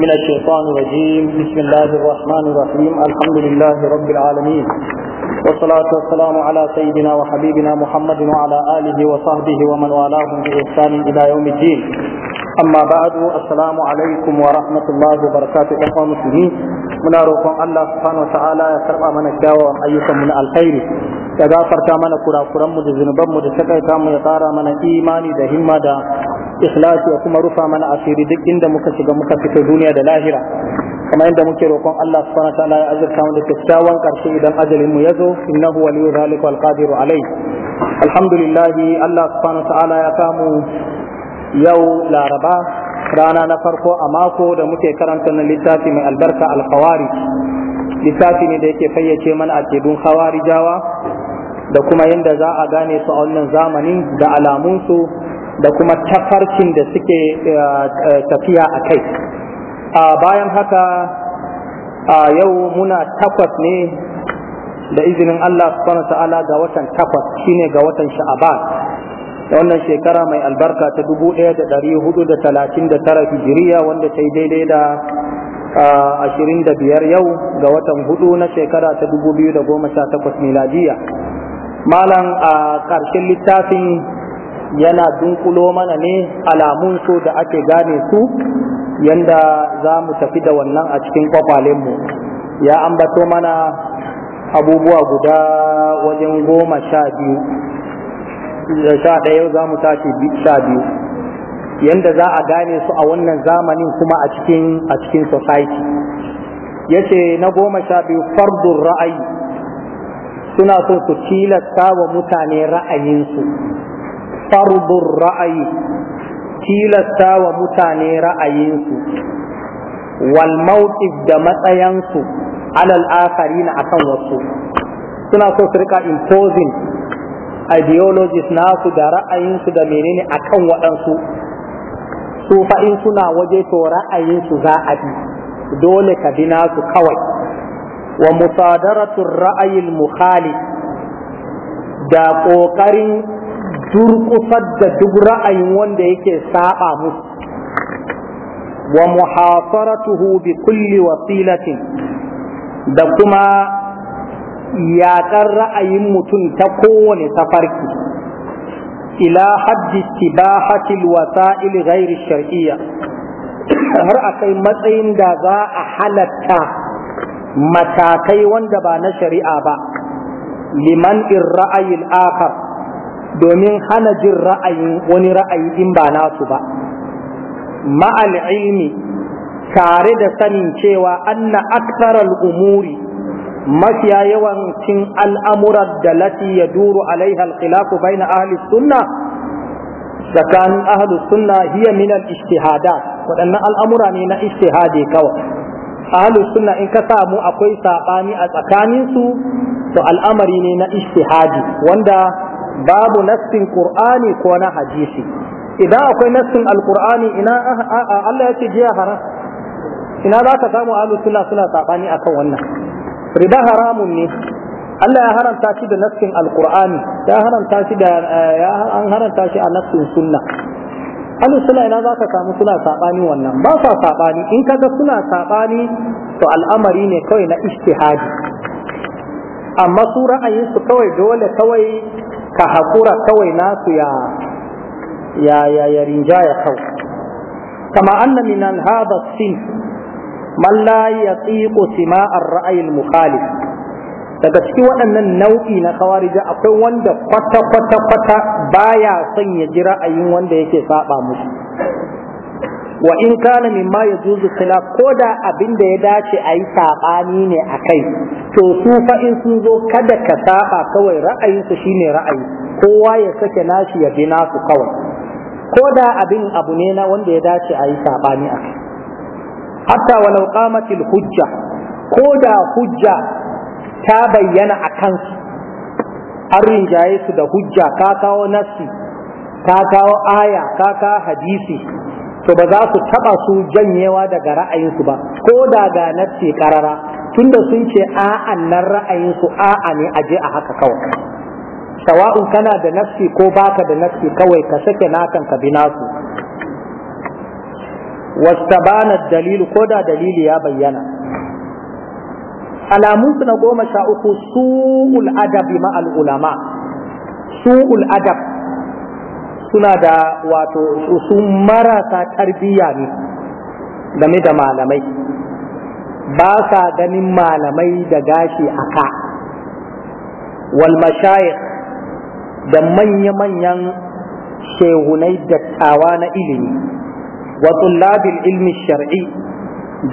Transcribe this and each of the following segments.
من الشيطان الرجيم بسم الله الرحمن الرحيم الحمد لله رب العالمين والصلاة والسلام على سيدنا وحبيبنا محمد وعلى آله وصحبه ومن والاه بإحسان إلى يوم الدين أما بعد السلام عليكم ورحمة الله وبركاته إخوة المسلمين من أروكم الله سبحانه وتعالى يسرع من الشاوى أيكم من الخير ya gafarta mana kurakuranmu مجزن بمجزن da takaita mu ya kara mana imani ikhlasi ya kuma rufa mana asiri duk inda muka shiga muka fito duniya da lahira kamar yadda muke roƙon Allah subhanahu wataala ya azurta mu da kyakkyawan karshe idan ajalin mu yazo innahu waliyyu zalika wal qadiru alai alhamdulillah Allah subhanahu wataala ya kamu yau laraba rana na farko a mako da muke karanta na littafi mai albarka alkawari littafi ne da yake fayyace mana akidun khawarijawa da kuma yadda za a gane su a wannan zamanin da alamunsu da kuma tafarkin da suke eh, eh, tafiya a kai bayan haka yau muna takwas ne da izinin Allah subhanahu ta'ala ga watan takwas shine ga watan sha'aba, da wannan shekara mai albarka ta 1439 hijiriya wanda ta yi daidai da biyar yau ga watan hudu na shekara ta 2018 miladiya malam a ƙarshen littafin yana dunkulo mana ne alamun so da ake gane su yanda za mu tafi da wannan a cikin kwafalenmu ya ambato mana abubuwa guda wajen goma sha biyu da sha ɗaya za mu tashi sha biyu yanda za a gane su a wannan zamanin kuma a cikin a cikin society ce na goma sha biyu fardun ra'ayi suna so su tilasta wa mutane ra'ayinsu farbun ra'ayi tilasta wa mutane ra'ayinsu wal mawqif da matsayansu alal akharina akan wasu suna so su rika imposing ideologies nasu da ra'ayinsu da menene akan waɗansu su fa in suna waje to ra'ayinsu za a bi dole ka bi nasu kawai wa musadaratu ra'ayil mukhalif da ƙoƙarin durƙusar da duk ra'ayin wanda yake saba musu wa muhasaratuhu bi kulli wasilatin da kuma yaƙar ra'ayin mutum ta kowane tafarki ila haddi tibahatil wasa'il ghairi shar'iyya har kai matsayin da za a halatta matakai wanda ba na shari'a ba liman in ra'ayin akar domin hana jin ra'ayin wani ra'ayi in ba nasu ba ma'al ilmi tare da sanin cewa anna aksarar umuri mafiya yawancin al'amuran da lati ya duru alaiha alkhilafu baina ahli sunna tsakanin ahli sunna hiya min al waɗannan al'amura ne na ishtihadi kawai ahli sunna in ka samu akwai saɓani a tsakaninsu to al'amari ne na ishtihadi wanda babu nassin qur'ani ko na hadisi idan akwai nassin alqur'ani ina ah, ah, ah, Allah ya ce jiya haram ina za ka samu ahlus sunna suna sabani akan wannan riba haramun ne Allah ya haramta shi da nassin alqur'ani ya haramta shi da eh, ya an haramta shi a nassin sunna ahlus sunna ina za ka samu suna sabani wannan ba sa sabani in kaga suna sabani to al'amari ne kawai na ijtihadi amma su ra'ayinsu kawai dole kawai ka haƙura kawai nasu ya ya ya ya rinjaya kawai kama anna min hadha sin man la yatiqu sima'ar ar mukhalif daga cikin waɗannan nau'i na kawarija akwai wanda kwata kwata kwata baya son ya ji ra'ayin wanda yake saba musu wa in kana mimma zuzu khilaf ko da abin da ya dace a yi sabani ne a kai to su fa in sun zo kada ka saba kawai ra'ayinsu shine ra'ayi kowa ya sake nashi ya bi nasu kawai ko da abin abu ne na wanda ya dace a yi sabani a kai hatta walau qamatil hujja ko da hujja ta bayyana a kansu an rinjaye su da hujja ka kawo nassi ka kawo aya ka kawo hadisi to ba za su taba su janyewa daga ra'ayinsu ba ko da ga nafsi karara tunda sun ce a'an nan ra'ayinsu a'a ne aje a haka kawai sawa'un kana da nafsi ko baka da nafsi kawai ka sake nakan ka bi nasu wastabana dalilu ko da dalili ya bayyana alamu na goma sha uku su'ul adabi ma'al ulama su'ul adab suna da wato su marasa tarbiyya ne game da malamai ba sa ganin malamai da gashi a ka wal da manya-manyan shehunai dattawa na ilimi wa tullabil ilmi shar'i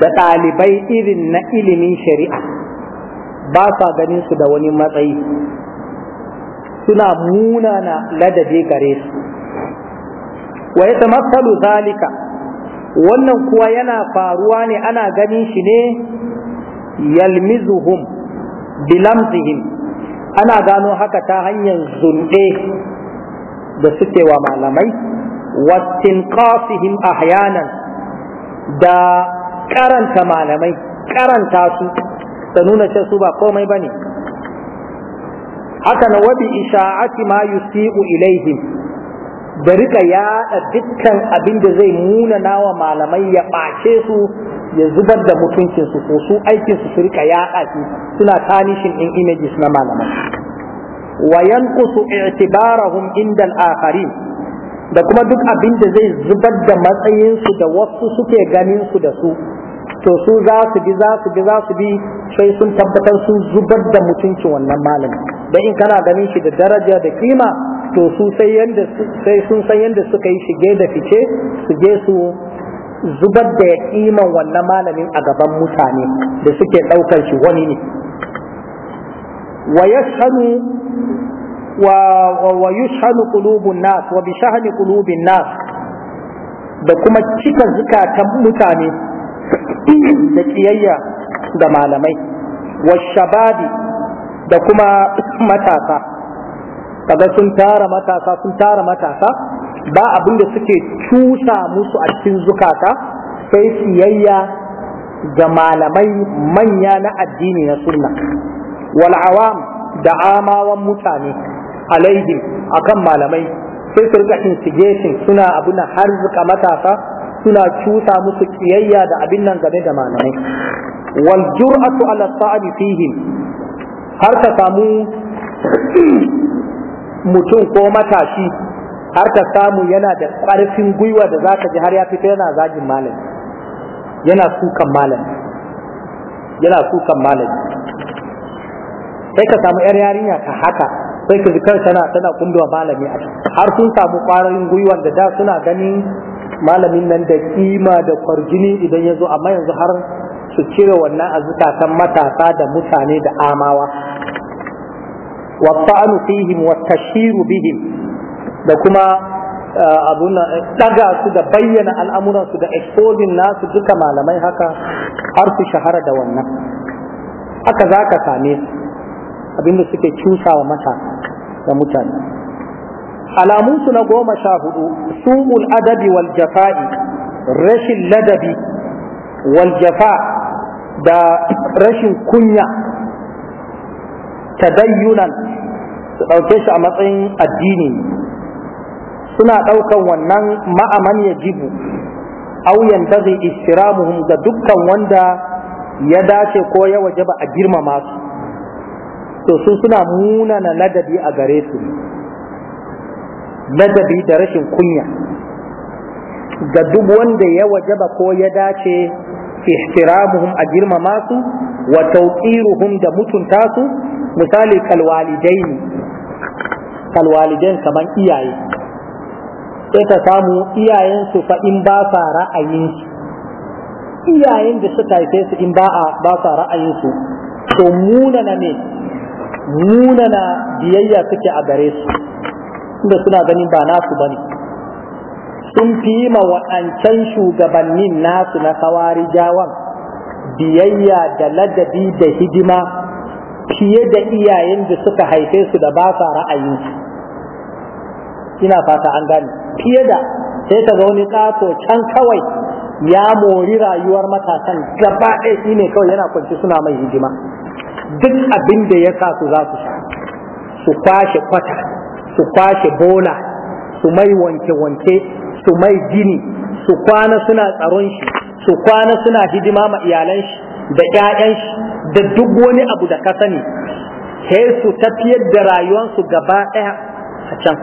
da ɗalibai irin na ilimin shari'a ba sa ganin su da wani matsayi suna munana ladabi gare su wa ya tamassalu zalika wannan kuwa yana faruwa ne ana ganin shi ne yalmizuhum bilamzihim ana gano haka ta hanyar zunde da suke wa malamai wattinqasihim ahyanan da karanta malamai karanta su da nuna ce su ba komai bane haka na wabi isha'ati ma yusi'u ilaihim da rika yaɗa dukkan abin da zai nuna nawa malamai ya ɓace su ya zubar da mutuncinsu ko su aikinsu su rika yaɗa shi suna tanishin in images na malamai wa yanqusu i'tibarahum inda al-akharin da kuma duk abin da zai zubar da matsayinsu da wasu suke ganin su da su to su za su bi za su bi za su bi sai sun tabbatar sun zubar da mutuncin wannan malamin dan in kana ganin shi da daraja da kima to sai sun san yadda suka yi shige da fice su je su zubar da iman wannan malamin a gaban mutane da suke daukar shi wani ne wa yashhadu wa wa nas wa nas da kuma cika zukatan mutane da kiyayya da malamai wa shababi da kuma matasa kaga sun tara matasa sun tara matasa ba abin da suke cusa musu a cikin zukata sai siyayya ga malamai manya na addini na sunna wal awam da amawan mutane alaihi akan malamai sai su rika instigation suna abuna har zuka matasa suna cusa musu kiyayya da abin nan game da malamai wal jur'atu ala sa'abi fihim har ka samu mutum ko matashi har ka samu yana da ƙarfin gwiwa da za ka ji har ya fita yana zagin malami yana sukan malami yana sukan malami sai ka samu yar yarinya ka haka sai ka zikar tana tana kundowa malami a har sun samu ƙwarin gwiwar da da suna ganin malamin nan da kima da kwarjini idan ya zo amma yanzu har su cire wannan a kan matasa da mutane da amawa والطعن فيهم والتشهير بهم da kuma abun daga su da bayyana al'amuran su da exposing nasu duka malamai haka har su shahara da wannan haka za ka same su abinda suke cusawa mata da mutane su na goma sha hudu su'ul adabi wal jafa'i rashin ladabi wal jafa da rashin kunya tadayyunan su ɗauke shi a matsayin addini suna ɗaukan wannan ma'aman ya jibu auyan dazi istiramuhum ga dukkan wanda ya dace ko ya waje ba a girmama su to su suna munana ladabi a gare su ladabi da rashin kunya ga duk wanda ya waje ba ko ya dace istiramuhum a girmama su wa tauqiruhum da mutunta su misali kalwalidaini kalwalidain kaman iyaye sai ka samu iyayensu fa in ba sa ra'ayin iyayen da suka haife su in ba a ba sa ra'ayin su to munana ne munana biyayya suke a gare su inda suna ganin ba nasu bane sun fi ma waɗancan shugabannin nasu na kawari jawan biyayya da ladabi da hidima fiye da iyayen da suka haife su da ba sa ra'ayin ina fata an gane fiye da sai ta ga wani can kawai ya mori rayuwar matasan gaba ɗaya shi ne kawai yana kwanci suna mai hidima. duk abin da ya sa su za su sha su kwashe kwata su kwashe bola su mai wanke-wanke su mai gini su kwana suna tsaron shi su kwana suna hidima ma iyalan shi da ƴaƴan da duk wani abu da ka sani sai su tafiyar da rayuwarsu gaba ɗaya a can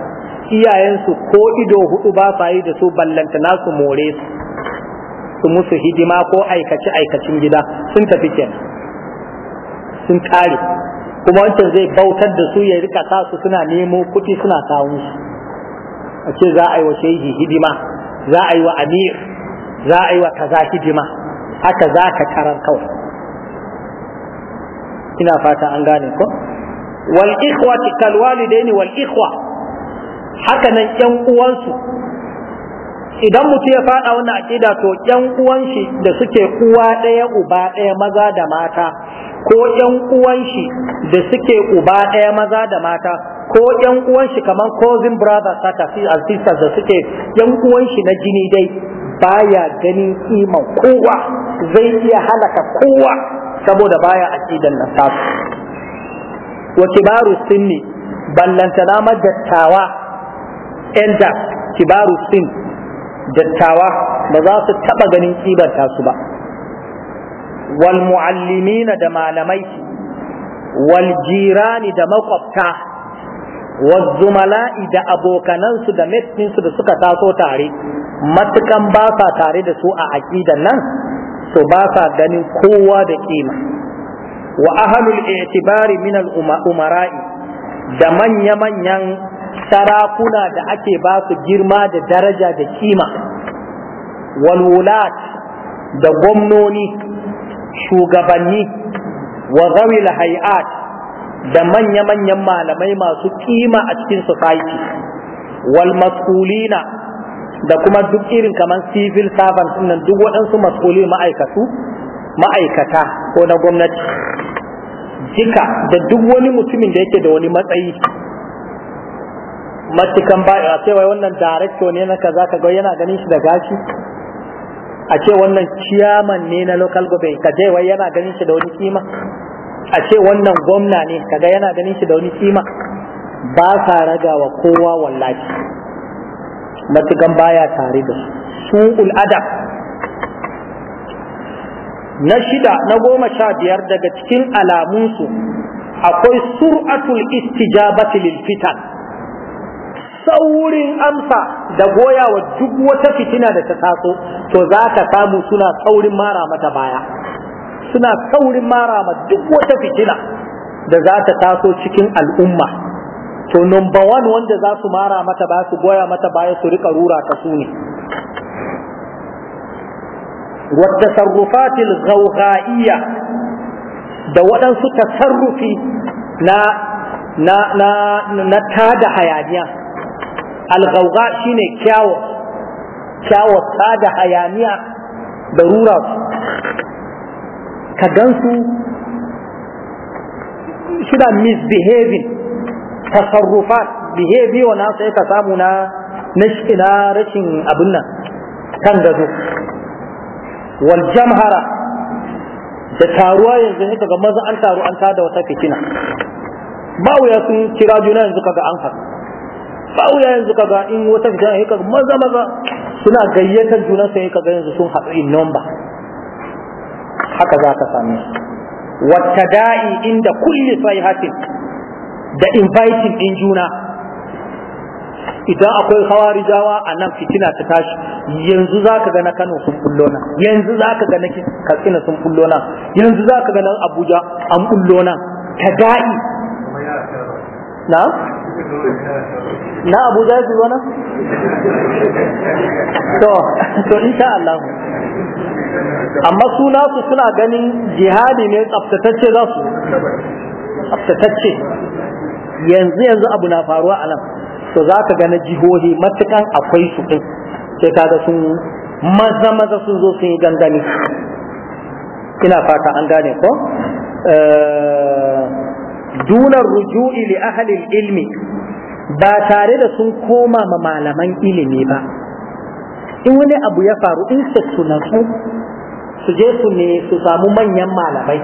iyayensu ko ido hudu ba sa yi da su ballanta su more su musu hidima ko aikace aikacin gida sun tafi kenan sun kare kuma wancan zai bautar da su ya rika sa su suna nemo kuɗi suna samun su. a ce za a yi wa shehi hidima za a yi wa amir za a yi wa kaza hidima haka za ka tarar kawai ina fata an gane ko wal ikhwati kal walidaini wal ikhwa haka nan yan uwansu idan mutum ya fada wannan aqida to yan uwan shi da suke uwa ɗaya uba ɗaya maza da mata ko yan uwan shi da suke uba ɗaya maza da mata ko yan uwan shi kamar cousin brothers haka sisters da suke yan uwan shi na jini dai baya ganin kiman kowa zai iya halaka kowa saboda baya aqidan nan ta wa kibaru sinni ballantana madattawa elda kibaru sin dattawa ba za su taba ganin kibar tasu ba wal muallimina da malamai wal jirani da makwabta zumala'i da abokanansu da metinsu da suka taso tare matukan ba sa tare da su a aƙidan nan to ba sa ganin kowa da kima wa ahalul i'tibari min al umara'i da manya-manyan sarakuna da ake ba su girma da daraja da kima wal da gwamnoni shugabanni wa zawil hay'at da manya-manyan malamai masu kima a cikin society wal mas'ulina da kuma duk irin kamar civil servant nan duk waɗansu masoli ma'aikatu ma'aikata ko na gwamnati jika da duk wani mutumin da yake da wani matsayi matukan ba a ce wannan director ne na kaza ka ga yana ganin shi da gashi a ce wannan chairman ne na local government ka je wai yana ganin shi da wani kima a ce wannan gwamna ne kaga yana ganin shi da wani kima ba sa ragawa kowa wallahi matukan baya tare da su su'ul na shida na goma sha biyar daga cikin alamunsu akwai sur'atul istijabati lil fitan saurin amsa da goya wa duk wata fitina da ta taso to za ka samu suna saurin mara mata baya suna saurin mara ma duk wata fitina da za ta taso cikin al'umma to number one wanda za su mara mata ba su goya mata baya su rika rura ta su ne wadda sarrufatil gaugha'iyya da waɗansu tasarrufi na na na na tada hayaniya al shine kyawo kyawo da hayaniya da rura ka gan shi da misbehaving tasarrufat behavior na sai ka samu na na rashin abin nan kan gado wal jamhara da taruwa yanzu ne kaga maza an taru an tada wata fitina ba wuya sun kira juna yanzu kaga an haka ba wuya yanzu kaga in wata fitina ne kaga maza maza suna gayyatar juna sai kaga yanzu sun haɗu in number haka za ka same su wata da'i inda kulli sai da inviting din juna idan akwai hawarijawa a nan fitina ta tashi yanzu za ka ga na kano sun bullo na, yanzu za ka ga na katsina sun bullo na, yanzu za ka ga na abuja an bullo na, ta da'i. na na abuja su zo nan to to insha Allah amma su nasu suna ganin jihadi ne tsaftatacce za su tsaftatacce yanzu yanzu abu na faruwa a nan to za ka ga na jihohi matukan akwai su ɗin sai kaga sun maza maza sun zo sun yi gangani ina fata an gane ko eh, dunar ruju'i li ahalil ilmi ba tare da sun koma ma malaman ilimi ba in wani abu ya faru in su suna su su je su ne su samu manyan malamai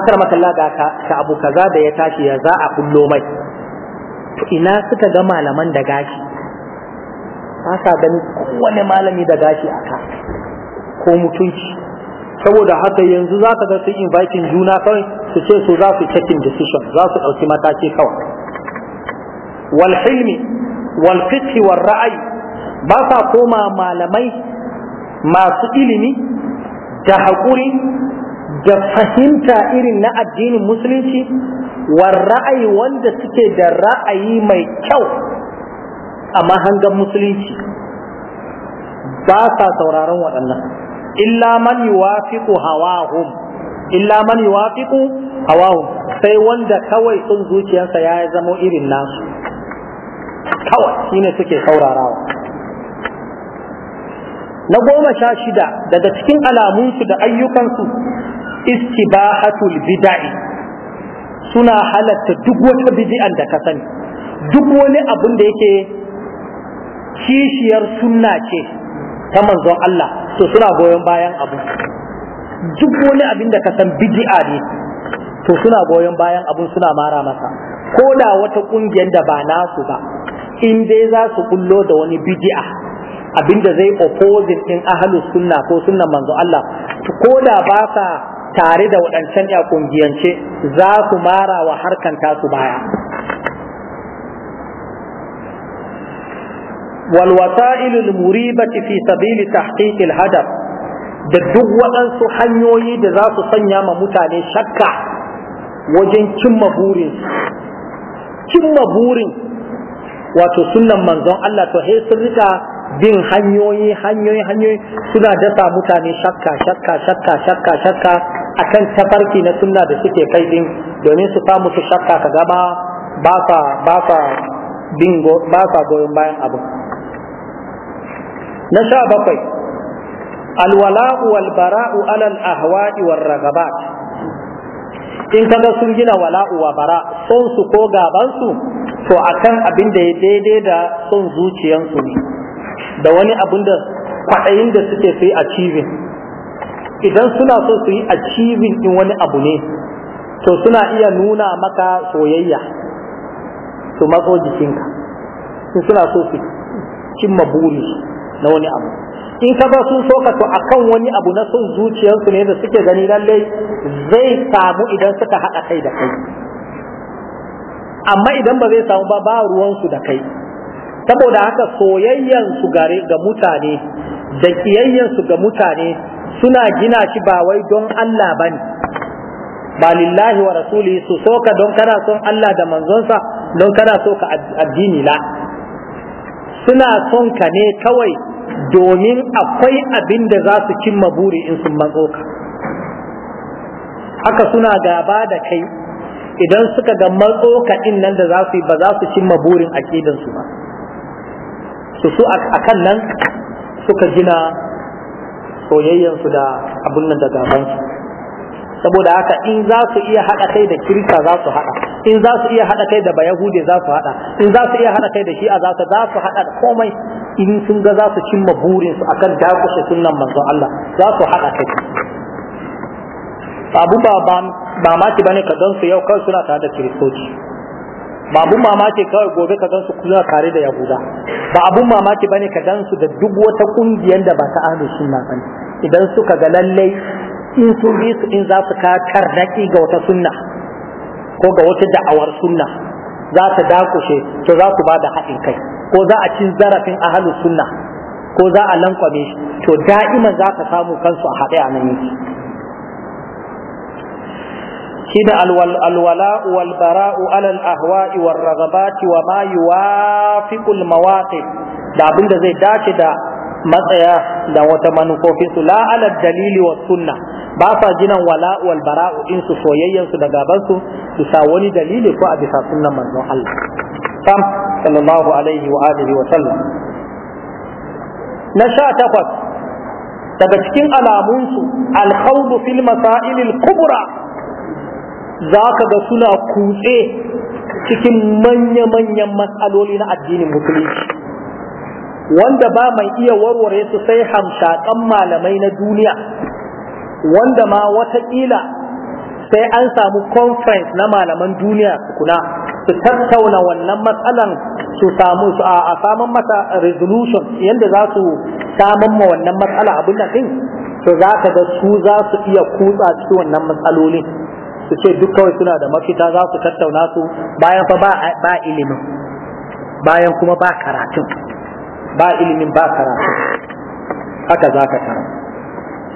akar makalla ga ka abu kaza da ya tashi ya za a kullo mai ina suka ga malaman da gashi ba sa gani kowane malami da gashi a ka ko mutunci saboda haka yanzu za ka ga su invite juna kawai su ce su za su checking decision za su ɗauki mataki kawai wal hilmi wal fiqhi wal ra'ayi ba sa koma malamai masu ilimi da haƙuri da fahimta irin na addinin musulunci war ra'ayi wanda suke da ra'ayi mai kyau a mahangan musulunci ba sa sauraron waɗannan illa man yuwafiqu hawahum illa man yuwafiqu hawahum sai wanda kawai sun zuciyarsa ya zama irin nasu kawai shine suke saurarawa na goma sha shida daga cikin alamunsu da ayyukansu istibahatul bida'i suna halatta duk wata bid'an da ka sani duk wani abin da yake kishiyar sunna ce ta manzon Allah to suna goyon bayan abu duk wani abin da ka san bid'a ne to suna goyon bayan abun suna mara masa ko da wata kungiyar da ba nasu ba in dai za su kullo da wani bid'a abinda zai opposing din ahlus sunna ko sunnan manzo Allah ko da ba sa tare da waɗancan ya kungiyance za su mara wa harkan tasu baya wal wasa'ilul muribati fi sabili tahqiqil hadaf da duk waɗansu hanyoyi da za su sanya ma mutane shakka wajen cimma burin cimma burin wato sunan manzon Allah ta sai sun rika bin hanyoyi hanyoyi hanyoyi suna dasa mutane shakka shakka shakka shakka shakka akan tafarki na sunna da suke kai din domin su samu su shakka ka gaba ba sa ba sa bingo ba sa goyon bayan abu na sha bakwai alwala'u wal bara'u alal ahwa'i war ragabat in kaga sun gina wala'u wa bara son su ko gaban su to akan abin da ya daidai da son zuciyansu ne da wani abin da kwaɗayin da suke sai a cibin idan suna so su yi achieving din wani abu ne to suna iya nuna maka soyayya su matso jikinka in suna so su cimma buri na wani abu in ka ba sun ka to akan wani abu na son zuciyarsu ne da suke gani lallai zai samu idan suka haɗa kai da kai amma idan ba zai samu ba ba ruwansu da kai saboda haka soyayyansu gare ga mutane da kiyayyansu ga mutane suna gina shi ba wai don Allah ba ne ba lillahi wa rasuli su soka don kana son Allah da manzonsa don kana so ka addini la suna son ka ne kawai domin akwai abin da za su cimma buri in sun matso ka haka suna gaba da kai idan suka ga matso ka din nan da za su yi ba za su cimma burin akidansu ba su su akan nan suka gina soyayyansu da abun nan da gabansu saboda haka in za su iya haɗa kai da kirista za su haɗa in za su iya haɗa kai da bayahude za su haɗa in za su iya haɗa kai da shi'a za su za su haɗa komai in sun ga za su cimma burinsu akan dakushe sunnan manzon Allah za su haɗa kai abu ba ba mamaki bane ka don su yau kawai suna tare da kiristoci ba abun mamaki kawai gobe ka gansu kuna kare da yahuda ba abun mamaki bane ka gansu da duk wata kungiyar da ba ta ahli sunna bane idan suka ga lallai in sun bi su in za su ka tarnaki ga wata sunna ko ga wata da'awar sunna za ta dakushe to za ku ba da haɗin kai ko za a cin zarafin ahlus sunna ko za a lankwame to da'iman za ka samu kansu a haɗe a nan yake shine alwala wal bara'u ala al ahwa'i war raghabati wa ma yuwafiqu al mawaqif da abin da zai dace da matsaya da wata manufofin su la ala dalili wa sunna ba sa jinan wala wal bara'u din su soyayyan su da gaban su su sa wani dalili ko a bisa sunnan manzon Allah sam sallallahu alaihi wa alihi wa sallam na sha takwas daga cikin alamunsu alkhawdu fil masailil kubra za ka ga suna kutse cikin manya-manyan matsaloli na addinin musulunci wanda ba mai iya warware su sai hamshaƙan malamai na duniya wanda ma watakila sai an samu conference na malaman duniya kuna su tattauna wannan matsalan su samu su a saman mata resolution yadda za su samun ma wannan matsala abin da kai su za ka ga su za su iya kutsa cikin wannan matsalolin su ce duk kawai suna da mafita za su tattauna su bayan fa ba ilimin bayan kuma ba karatun ba ilimin ba karatu haka za ka tara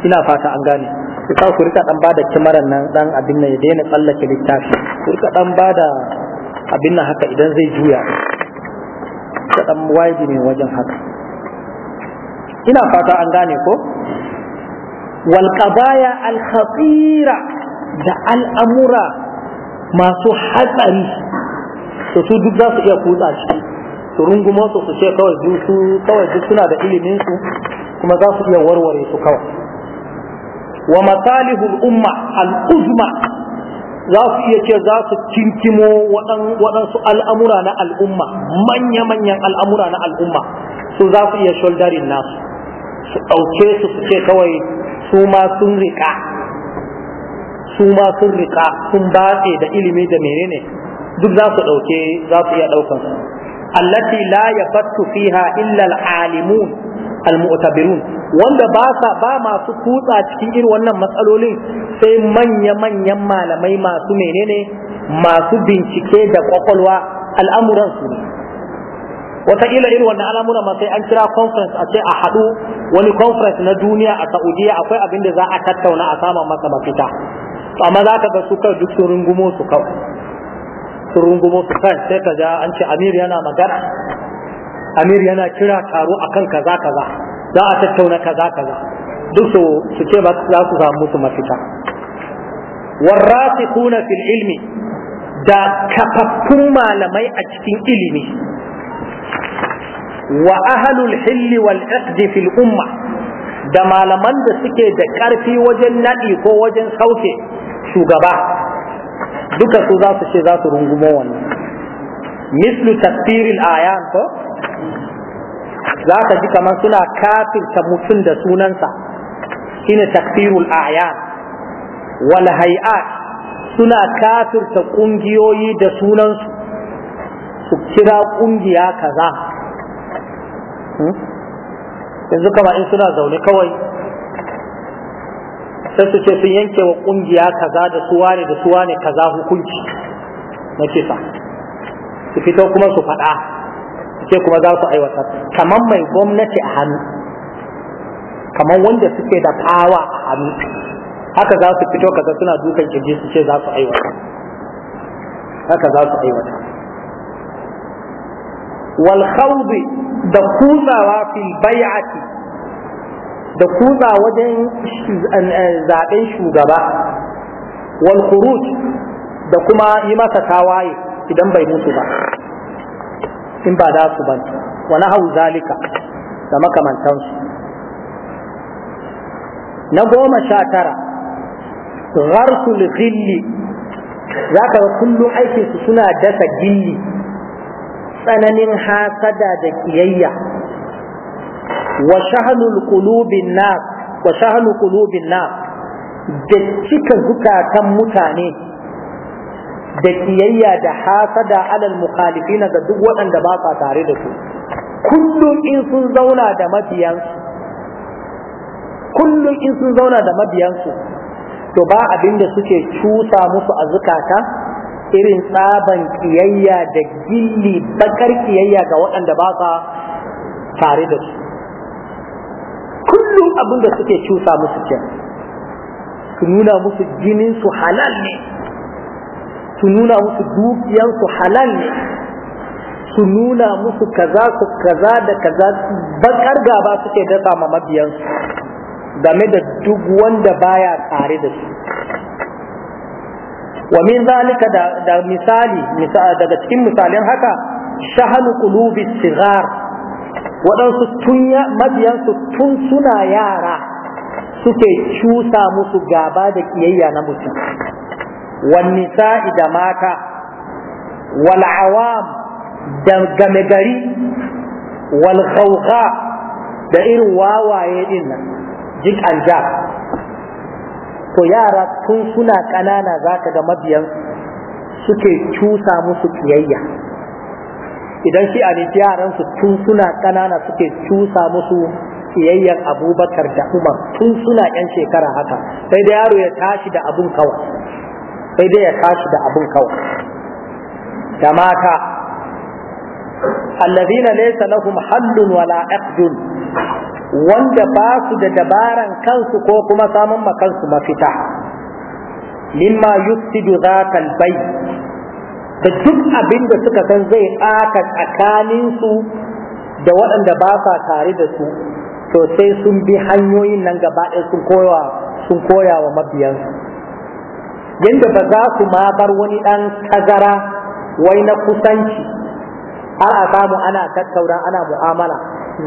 ina fata an gane ku sa ku rika dan bada kimaran nan dan abin nan ya daina tsallake littafi ku rika dan bada abin nan haka idan zai juya ka dan waje ne wajen haka ina fata an gane ko wal qadaya al khatira da al'amura masu hatsari to su duk za su iya kutsa ciki su rungumo su su ce kawai su kawai duk suna da ilimin su kuma za su iya warware su kawai wa masalihul umma al'uzma za su iya ce za su kinkimo waɗansu al'amura na al'umma manya-manyan al'amura na al'umma su za su iya shuldarin nasu su ɗauke su su ce kawai su ma sun riƙa su ma sun riƙa sun batse da ilimi da menene duk za su ɗauke za su iya ɗaukan su allati la yafattu fiha illa al-alimun al-mu'tabirun wanda ba sa ba masu kutsa cikin irin wannan matsalolin sai manya manyan malamai masu menene masu bincike da kwakwalwa al'amuran su ne wataƙila irin wannan al'amuran ma sai an kira conference a ce a haɗu wani conference na duniya a saudiya akwai abin da za a tattauna a samun masa mafita to amma za ka ga su kawai duk sun rungumo su kawai sun rungumo su kan sai ka ja an ce amir yana magana amir yana kira taro akan kaza kaza za a tattauna kaza kaza duk su su ce ba za su samu musu mafita warasikhuna fil ilmi da kafaffun malamai a cikin ilimi wa ahlul hilli wal aqd fil umma da malaman da suke da ƙarfi wajen naɗi ko wajen sauke shugaba duka su za su ce za su rungumo wannan mislu tafsiril ayan ko za ka ji kamar suna kafirta mutum da sunansa shine tafsirul ayan wal hay'at suna kafirta kungiyoyi da sunansu su kira kungiya kaza hmm? yanzu kama in suna zaune kawai sai su ce sun yanke wa kungiya kaza da suwa ne da suwa ne kaza hukunci na kisa su fito kuma su faɗa su ce kuma za su aiwatar kamar mai gwamnati a hannu kamar wanda suke da kawa a hannu haka za su fito kaza suna dukan kirji su ce za su aiwatar haka za su aiwatar wal da kutsawa fil bai'ati da kutsa wajen zaben shugaba wal khuruj da kuma yi masa tawaye idan bai mutu ba in ba da su ban wani hau zalika da na goma sha tara gharsul ghilli za ka kullum aikinsu suna dasa gilli tsananin hasada da kiyayya wa shahlul qulubin nas wa shahlu qulubin nas da cika zukatan mutane da kiyayya da hasada alal mukhalifina ga duk waɗanda ba sa tare da su kullum in sun zauna da mabiyansu kullum in sun zauna da mabiyansu to ba abin da suke cusa musu a zukata irin tsaban kiyayya da gilli bakar kiyayya ga waɗanda ba sa tare da su kullum abin da suke cusa musu ke su nuna musu jinin su halal ne su nuna musu dukiyan su halal ne su nuna musu kaza su kaza da kaza bakar gaba suke dasa ma mabiyansu game da duk wanda baya tare da su wa min zalika da misali daga cikin misalin haka shahanu qulubi sigar waɗansu tun mabiyansu tun suna yara suke cusa musu gaba da kiyayya na mutum wan nisa'i da mata wal awam da game gari wal da irin wawaye din nan jik anja to yara tun suna ƙanana za ka ga mabiyan suke cusa musu kiyayya idan shi a yaran su tun suna ƙanana suke cusa musu kiyayyar abubakar da umar tun suna yan shekara haka sai da yaro ya tashi da abun kawai sai dai ya tashi da abun kawai da mata allazina laysa lahum hallun wala aqdun wanda ba su da dabaran kansu ko kuma samun kansu mafita mimma yufsidu zakal bai da duk abin da suka san zai aka tsakaninsu da waɗanda ba sa tare da su to sai sun bi hanyoyin nan gaba ɗaya sun koya sun koya wa mabiyansu yadda ba za su ma bar wani ɗan tazara wai na kusanci har a samu ana tattauna ana mu'amala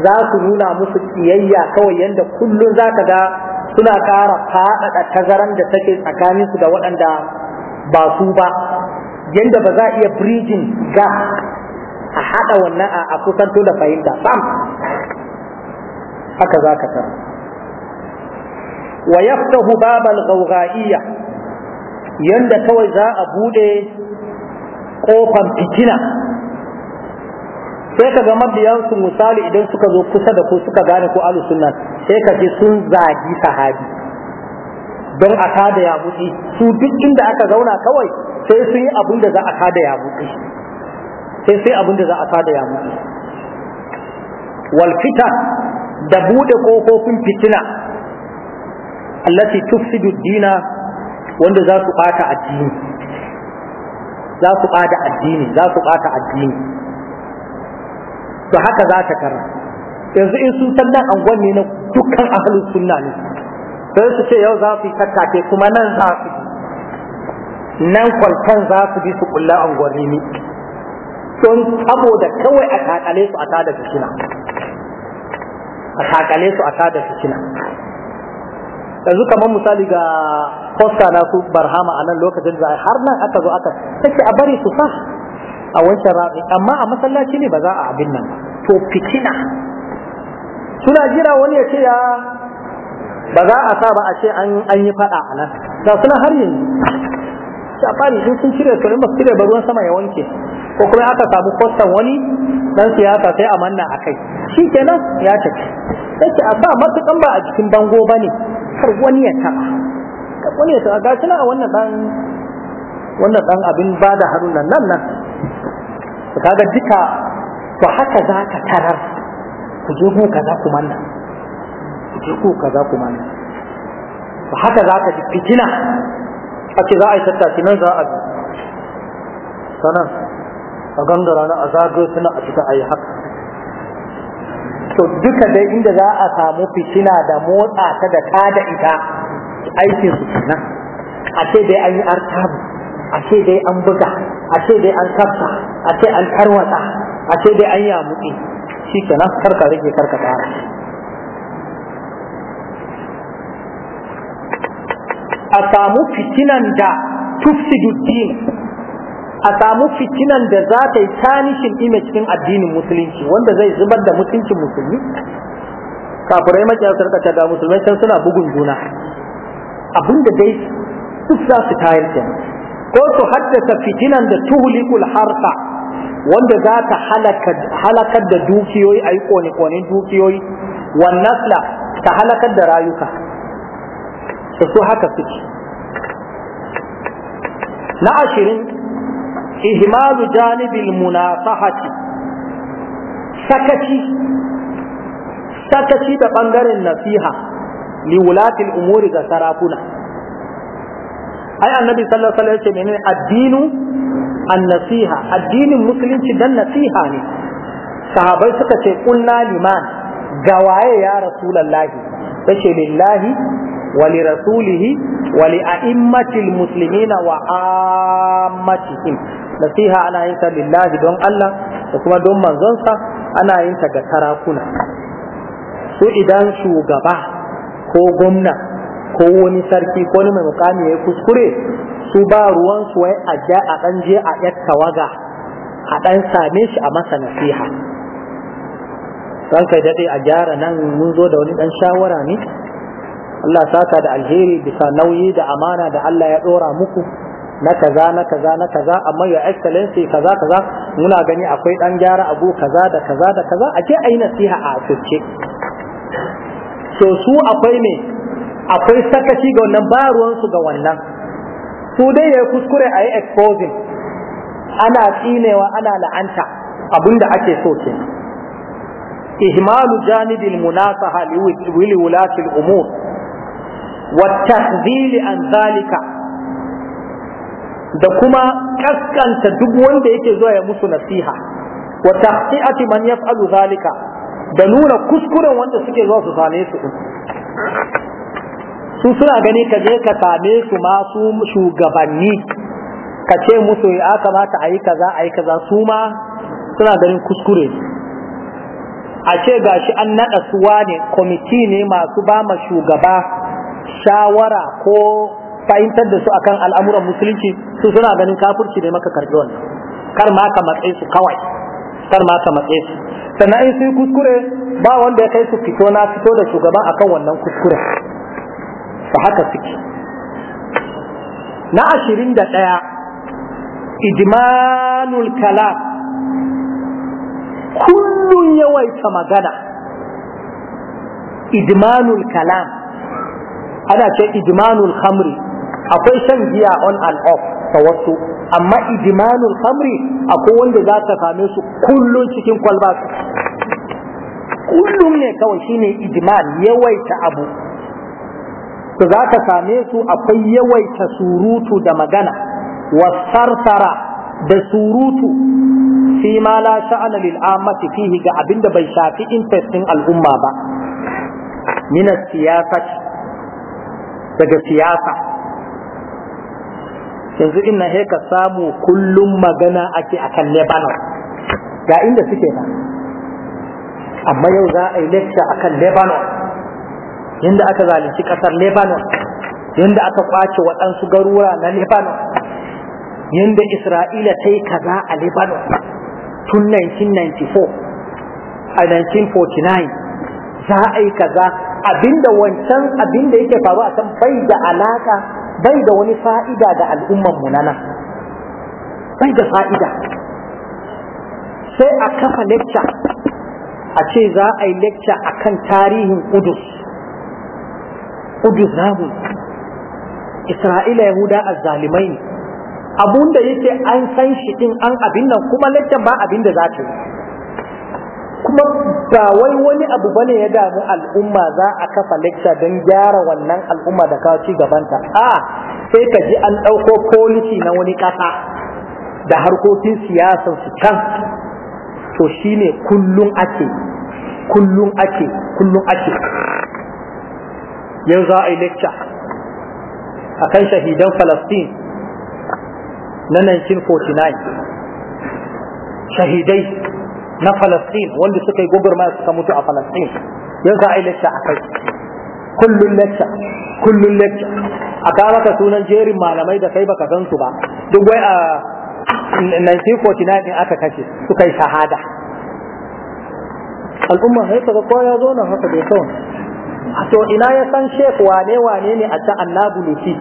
za su nuna musu kiyayya kawai yadda kullum za ka ga suna ƙara faɗaɗa tazaran da take su da waɗanda ba su ba yadda ba za a iya birgin ga a haɗa wannan a kusan da fahimta sam haka za ka tara wa yaftahu babal gawga'iyya yadda kawai za a buɗe ƙofan fitina sai ka ga mabiyansu misali idan suka zo kusa da ku suka gane ko alu sunna sai ka ce sun zagi sahabi don a kada ya buɗi su duk inda aka zauna kawai sai sun yi abin da za a kada ya buɗi sai sai abin da za a kada ya buɗi walfita da buɗe ƙofofin fitina allati tufsidu dina wanda za su ɓata addini za su ɓata addini za su ɓata addini to haka za ta kara yanzu in sun san nan anguwan ne na dukkan ahalin sunna ne sai su ce yau za su yi tattake kuma nan za su nan kwalkan za su bi su kulla anguwanni ne don saboda kawai a kakale su a tada fitina a kakale su a tada fitina yanzu kamar misali ga fosta na su barhama a nan lokacin da har nan aka zo aka take a bari su sa a wancan rafi amma a masallaci ne ba za a abin nan to fitina suna jira wani ya ce ya ba za a sa ba a ce an yi fada a nan da suna har yanzu shafari sun sun cire su in ba cire ba sama ya wanke ko kuma aka samu kwastan wani dan siyasa sai a manna a kai shi kenan ya tafi yake a sa matukan ba a cikin bango ba ne kar wani ya taɓa wani na a wannan dan wannan dan abin ba da harunan nan nan ka ga duka to haka za ka tarar ku je ku kaza ku manna ku je ko kaza ku manna to haka za ka ji fitina a ce za a yi tattaki nan za a bi sanan a gangara na a zagayo suna a fita a yi haka to duka dai inda za a samu fitina da motsa ta da ta da ita aikin su kenan a ce dai an yi artabu a ce dai an buga a ce dai an kafsa a ce an tarwatsa a ce dai an ya mutse shi kenan karka rage karka tsara a samu fitinan da tufsidu din a samu fitinan da za ta yi tanishin image cikin addinin musulunci wanda zai zubar da mutuncin musulmi kafirai makiyar sarkace da musulmai can suna bugun juna abinda dai duk za su tayar kenan ko su haddasa fitinan da tuhlikul harka wanda za ta halakar da dukiyoyi a yi kone-konen dukiyoyi wannasla ta halakar da rayuka su su haka suke na ashirin ihmalu janibin munasahati sakaci sakaci da ɓangaren nasiha liwulatil umuri ga sarakuna ai annabi sallallahu alaihi wasallam ya ce menene addinu an-nasiha addinin musulunci dan nasiha ne sahabai suka ce kunna liman ga waye ya rasulullahi yace lillahi wa li rasulihi wa li a'immatil muslimina wa ammatihim nasiha ana yin ta lillahi don Allah da kuma don manzonsa ana yin ta ga sarakuna su idan shugaba ko gwamna ko wani sarki ko wani mai mukami ya kuskure su ba ruwan su wai a ja a dan je a yar tawaga a dan same shi a masa nasiha ranka dai a gyara nan mun zo da wani dan shawara ne Allah saka da alheri bisa nauyi da amana da Allah ya dora muku na kaza na kaza na kaza amma ya excellency kaza kaza muna gani akwai dan gyara abu kaza da kaza da kaza a ce ayi nasiha a asirce so su akwai me akwai sakaci ga wannan ba ruwansu ga wannan su dai ya kuskure a yi exposing ana tsinewa ana la'anta da ake so ke ihmalu janibin munasaha liwili wulatil umur wa tahzili an zalika da kuma kaskanta duk wanda yake zuwa ya musu nasiha wa tahqiqati man yaf'alu zalika da nuna kuskuren wanda suke zuwa su same su su suna gani ka je ka same su masu shugabanni ka ce musu ya kamata a yi kaza a yi kaza su ma suna ganin kuskure a ce gashi an naɗa suwa ne kwamiti ne masu ba ma shugaba shawara ko fahimtar da su akan al'amuran musulunci su suna ganin kafurci ne maka karɓi wannan kar ma ka matse su kawai kar ma ka matse su sannan in sun kuskure ba wanda ya kai su fito na fito da shugaban akan wannan kuskure da haka suke na ashirin da ɗaya ijmanul kala kullum yawaita magana ijmanul kala ana ce ijmanul khamri akwai shan giya on and off ta wasu amma ijmanul khamri akwai wanda za ta same su kullum cikin kwalba kullum ne kawai shine ijman yawaita abu to za ka same su akwai yawaita surutu da magana wasarsara da surutu fi ma la sha'ana lil ammati fihi ga abinda bai shafi interestin al'umma ba min siyasa daga siyasa yanzu ina he ka samu kullum magana ake akan Lebanon ga inda suke na amma yau za a yi lecture akan Lebanon Yanda aka zalunci ƙasar lebanon yanda aka kwace waɗansu garura na lebanon yanda isra'ila ta yi kaza a lebanon tun 1994 a 1949 za a yi kaza abinda wancan abinda yake faru a san bai da alaka bai da wani fa'ida ga al'umman mu nan bai da fa'ida sai a kafa lecture a ce za a yi lecture akan tarihin Udus Kudu namu Isra'ila Yahuda azzalimai ne abun da yake an san shi din an abin nan kuma laccan ba abin da za ta yi kuma ba wai wani abu bane ya damu al'umma za a kafa lacca don gyara wannan al'umma da kawo ci gabanta a sai ka ji an ɗauko policy na wani ƙasa da harkokin siyasar su can to shine kullum ake kullum ake kullum ake yau za a yi lecture a kan shahidan falastin na 1949 shahidai na falastin wanda suka yi gwagwarmaya suka mutu a falastin yau za a yi lecture a kai kullum lecture kullum lecture a kawo maka sunan jerin malamai da kai baka san su ba duk wai a 1949 din aka kashe suka yi shahada al'umma sai kaga kowa ya zo nan haka bai kawai to ina ya san shek wane wane ne a ta annabulusi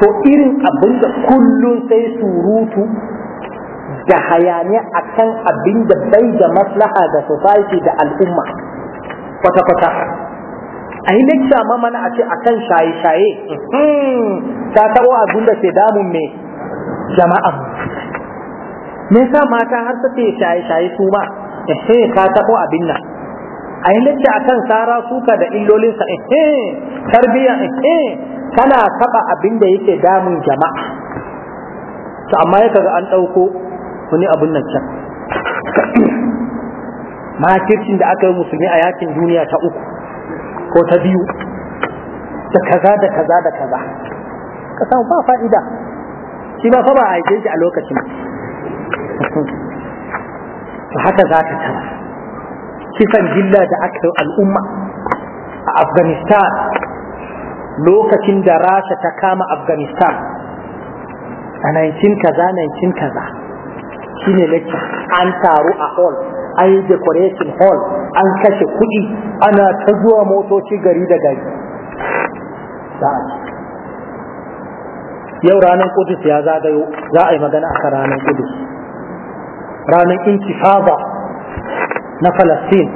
to irin abin da kullum sai surutu da hayaniya akan abin da bai da maslaha da society da al'umma kwata-kwata a yi lecture ma mana a ce akan shaye-shaye hmm. ta taɓo abin da ke damun mai jama'a me sa mata har suke shaye-shaye su ma ka eh, eh, taɓo abin nan a yi lacce a kan sara suka da illolinsa ehe tarbiyya ehe kana taɓa abin da yake damun jama'a to amma ya kaga an ɗauko wani abin nan can makircin da aka yi musulmi a yakin duniya ta uku ko ta biyu da kaza da kaza da kaza ka samu ba fa'ida shi ba fa ba a yi shi a lokacin haka za ta tara kisan gilla da aka yi al'umma a afghanistan lokacin da rasha ta kama afghanistan a 19 kaza 19 kaza shine lake an taru a hall an yi decoration hall an kashe kuɗi ana ta zuwa motoci gari da gari yau ranar kudus ya zagayo za a yi magana a ranar kudus ranar inci intifada na falastin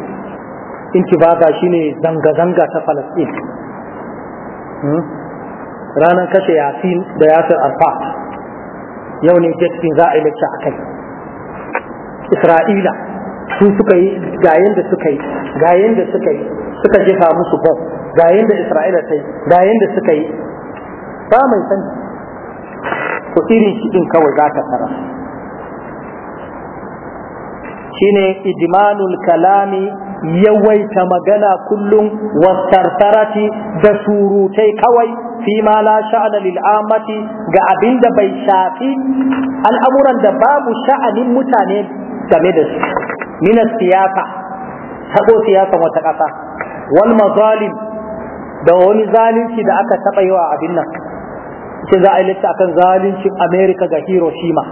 shi ne zanga-zanga ta falastin hmm? ranar kashe yasin da yasir arfat yau ne jetsin za a yi lacce a kai isra'ila sun suka yi ga yadda suka yi ga yadda suka yi suka jefa musu bom ga yadda isra'ila ta yi ga yadda suka yi ba mai sani ku irin shi kawai za ka tsara shine ijmalul kalami yawaita magana kullum wasartarati da surutai kawai fi ma la sha'ana lil amati ga abinda bai shafi al'amuran da babu sha'anin mutane game da su min siyasa tabo siyasa wata kasa wal mazalim da wani zalunci da aka taba yi wa abin nan shi za a yi akan zaluncin America ga Hiroshima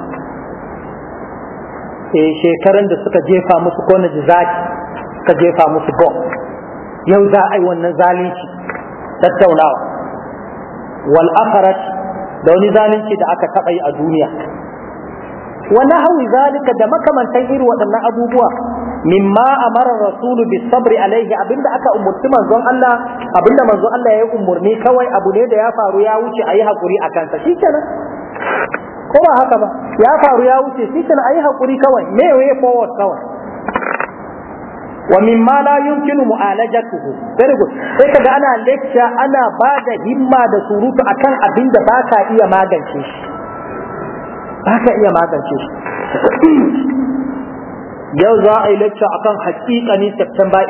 Eh, shekaran da suka jefa musu ko na jizaki suka jefa musu bom yau za a yi wannan zalunci tattaunawa wal akharat da wani zalunci da aka taɓa yi a duniya wa hawi zalika da makamantan irin waɗannan abubuwa mimma amara rasul bi sabri alaihi abinda aka umurci manzon Allah abinda manzon Allah ya yi umurni kawai abu ne da ya faru ya wuce ayi hakuri akan sa shikenan ko ba haka ba ya faru ya wuce shi kana ayi hakuri kawai me way forward kawai wa mimma la yumkinu mu'alajatuhu very good sai kaga ana lecture ana ba da himma da surutu akan abin da baka iya magance shi baka iya magance shi yau za a yi lecture akan haƙiƙanin September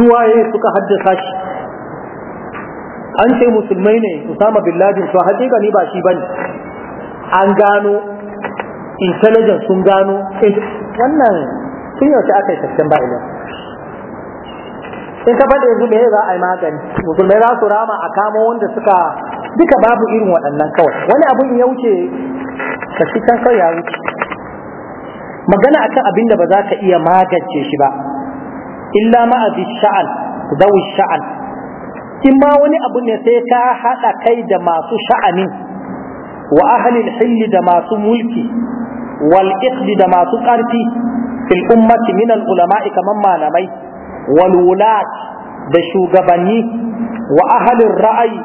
11 suwaye suka haddasa shi an ce musulmai ne Usama bin Laden to hakika ni ba shi bane an gano intelligence sun gano wannan sun yaushe aka yi ba 11 in ka faɗi yanzu me za a yi magani musulmai za su rama a kamo wanda suka duka babu irin waɗannan kawai wani abun ya wuce ka shi can kawai ya wuce magana akan abin da ba za ka iya magance shi ba illa ma'azi sha'an dawi sha'an in ma wani abu ne sai ka haɗa kai da masu sha'ani wa ahlil hilli da masu mulki wal ikhdi da masu ƙarfi fil ummati min al ulama'i kaman malamai wal wulat da shugabanni wa ahlil ra'ayi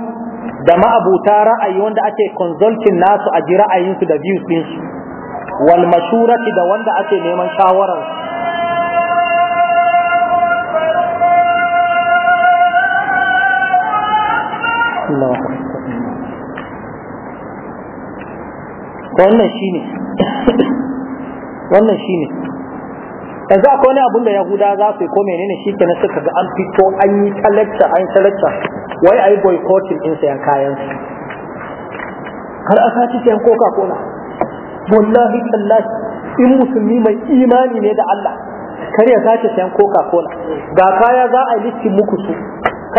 da ma'abuta ra'ayi wanda ake consulting nasu a ji ra'ayinsu da views wal mashurati da wanda ake neman shawararsu Allah wannan ne, wannan shine yanzu akwai wani abun da yahuda za su yi ko menene shi kenan suka ga an fito an yi talacca an talacca wai a yi boycotting din sayan kayan su har a sati sayan coca cola wallahi tallahi in musulmi mai imani ne da Allah kar ya sace sayan coca cola ga kaya za a yi listin muku su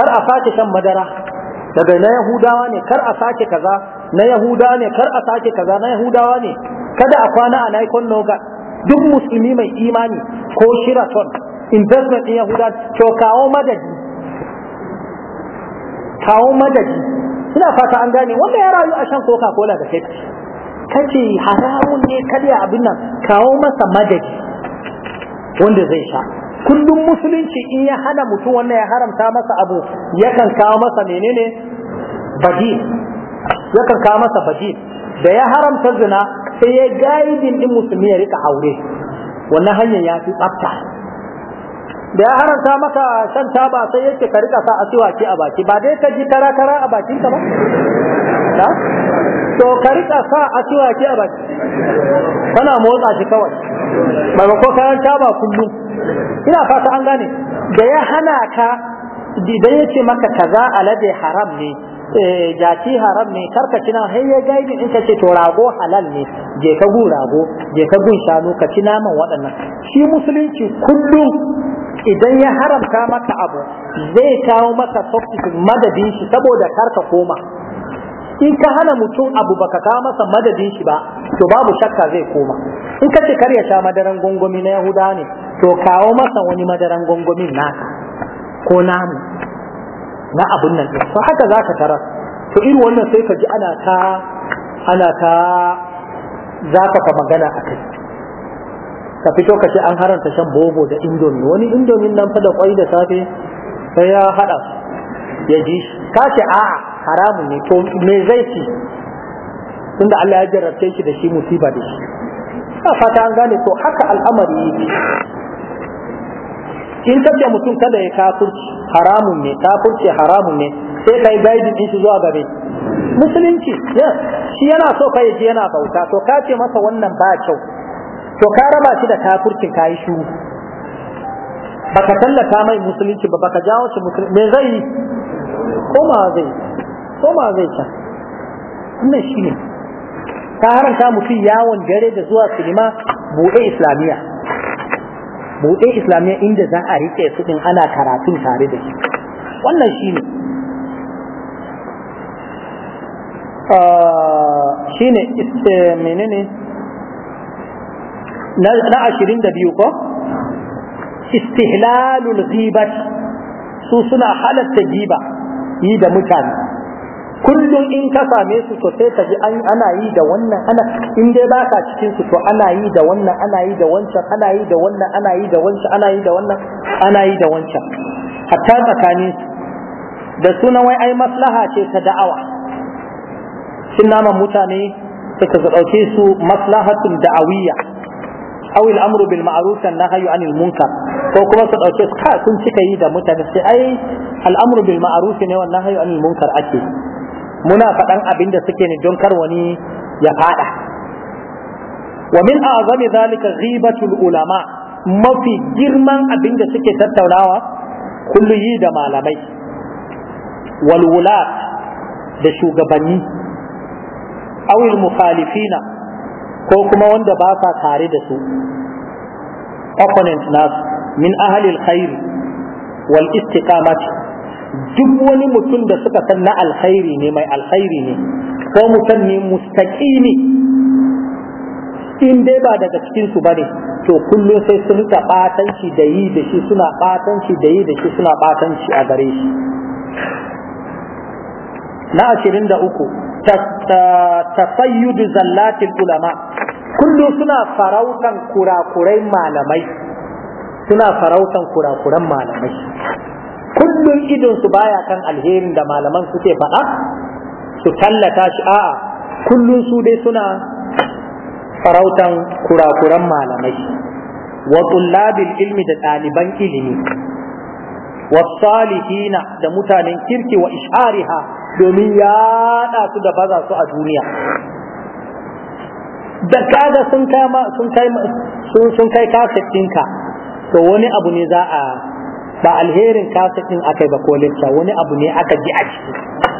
kar a sace shan madara daga na yahudawa ne kar a sake kaza na yahudawa ne kar a sake kaza na yahudawa ne kada a kwana a naikon noga duk musulmi mai imani ko shiraton investment in yahudawa to kawo madadi kawo madadi ina fata an gane wanda ya rayu a shan coca cola da sai kace haramun ne kada abin nan kawo masa madadi wanda zai sha kullum musulunci in ya hana mutum wannan ya haramta masa abu yakan kawo masa menene badin yakan kawo masa badin da ya haramta zina sai ya gaidin din musulmi ya rika aure wannan hanyar ya fi tsafta da ya haramta maka shan taba sai yake ka rika sa ki a baki ba dai ka ji tara tara a bakin ka ba to ka rika sa ki a baki kana motsa shi kawai maimako kayan taba kullum ina fata an gane da ya hana ka idan ya ce maka kaza alade haram ne eh, jaki haram ne karka ci nan, ya in ka ce to rago halal ne je ka gun rago je ka gun shanu ka ci naman waɗannan shi musulunci kullum idan ya haramta maka abu zai kawo maka substitute madadin shi saboda karka koma in ka hana mutum abu baka kawo masa madadin shi ba to babu shakka zai koma in ka ce kar ya sha madaran gongomi na yahuda ne to kawo masa wani madaran gongomin naka ko namu na abun nan to haka za ka tarar to irin wannan sai ka ji ana ta ana ta fa magana a kai ka fito ka ce an haranta shan bobo da indomi wani indomin nan fa da kwai da safe sai ya haɗa ya ji ka ce a'a haramun ne to me zai ci tunda Allah ya jarrabce shi da shi musiba da shi a fata an gane to haka al'amari yake in ce mutum kada ya kafirci haramun ne kafirci haramun ne sai kai gaidi din shi zuwa gare musulunci yes shi yana so kai ji yana bauta to ka ce masa wannan ba kyau to ka raba shi da kafircin kai shi baka tallata mai musulunci ba baka jawo shi musulunci me zai koma zai ma zai can wannan shi ne ta haramta mutum yawon dare da zuwa sinima buɗe islamiyya buɗe islamiyya inda za a riƙe su ɗin ana karatun tare da shi wannan shi ne ah, shi ne menene na ashirin da biyu ko istihlalul ghibat su suna halatta giba yi da mutane kullum in ka same su to sai ka ji ana yi da wannan ana in dai ba ka cikin su to ana yi da wannan ana yi da wancan ana yi da wannan ana yi da wancan ana yi da wannan ana yi da wancan hatta tsakanin su da sunan wai ai maslaha ce ta da'awa shin naman mutane suka ɗauke su maslahatun da'awiyya aw al-amru bil ma'ruf wan nahyu 'anil munkar ko kuma su dauke ka sun cika yi da mutane sai ai al-amru bil ma'ruf ne wan nahyu 'anil munkar ake muna faɗan abin da suke ne don kar wani ya faɗa wa min azami zalika ghibatul ulama mafi girman abin da suke tattaunawa kullu yi da malamai walwula da shugabanni awil mukhalifina ko kuma wanda ba sa tare da su opponent nasu min ahalil khair wal istiqamati duk wani mutum da suka san na alkhairi ne mai alkhairi ne ko musanni mustaqimi in dai ba daga cikin su bane to kullum sai su rika batanci da yi da shi suna batanci da yi da shi suna batanci a gare shi na ashirin da uku tafayyudu zallatin ulama kullum suna farautan kurakurai malamai suna farautan kurakuran malamai kullum idonsu baya kan alherin da malaman suke faɗa su tallata shi a'a kullum su dai suna farautan kurakuran malamai wa tullabil ilmi da ɗaliban ilimi wa salihina da mutanen kirki wa ishariha domin yaɗa su da baza su a duniya da kaga sun kai sun kai sun ɗinka to wani abu ne za a ba alherin kasatin aka yi ba ko lecture wani abu ne aka ji a ciki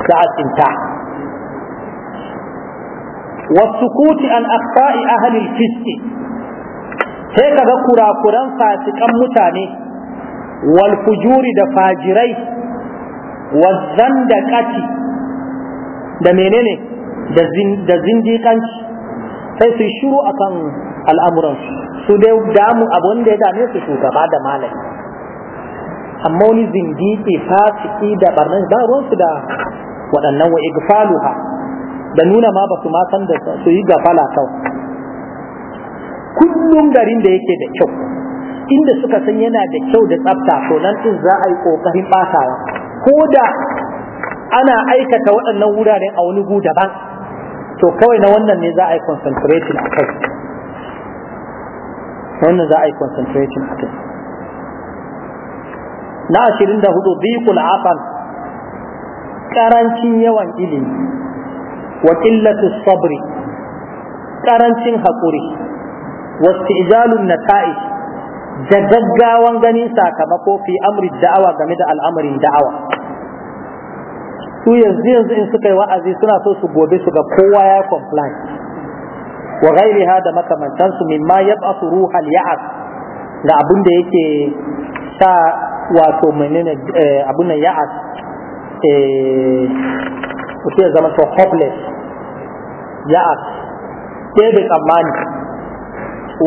za a tsinta kuti an akfai ahli fiski sai kaga kurakuran fasikan mutane wal fujuri da fajirai da zandaqati da menene da zindikanci, sai su shiru akan al'amuran su dai damu abun da ya dame su shugaba da malami amma wani zindiki fasiki da barnan ba su da waɗannan wa igfaluha da nuna ma ba su ma san da su yi gafala kawai kullum garin da yake da kyau inda suka san yana da kyau da tsafta to nan din za a yi kokarin batawa ko da ana aikata waɗannan wuraren a wani gu daban to kawai na wannan ne za a yi concentration a kai wannan za a yi concentration a kai na ashirin da hudu biƙul afal karancin yawan ilimi wa ƙillatu sabri ƙarancin haƙuri wa istijalun nata'ish da gaggawan ganin sakamako fi amri da'awa game da al'amarin da'awa su yanzu yanzu in suka yi wa'azi suna so su gobe su ga kowa ya comply wa ghairiha da makamantansu mimma yab'asu ruhal ya'as ga abin da yake sa wato menene eh, abin nan ya'as eh, mutum ya zama to hopeless ya'as sai da tsammani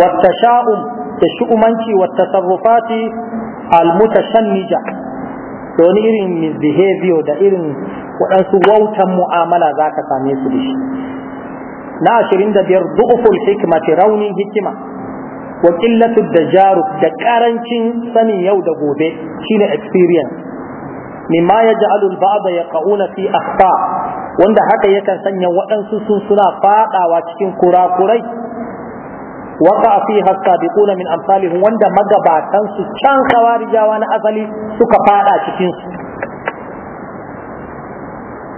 wata sha'un da shu'umanci wata sarrufati almutashannija da wani irin misbehaviyo da irin waɗansu wautan mu'amala za ka same su da shi na ashirin da biyar du'uful hikmati raunin hikima wa qillatu dajaru da karancin sanin yau da gobe shine experience mimma yaj'alu al-ba'd yaqauna fi akhta wanda haka yakan sanya waɗansu su suna fadawa cikin kurakurai waka fi haska bi min amsalihim wanda magabatan su can kawarijawa na asali suka fada cikin su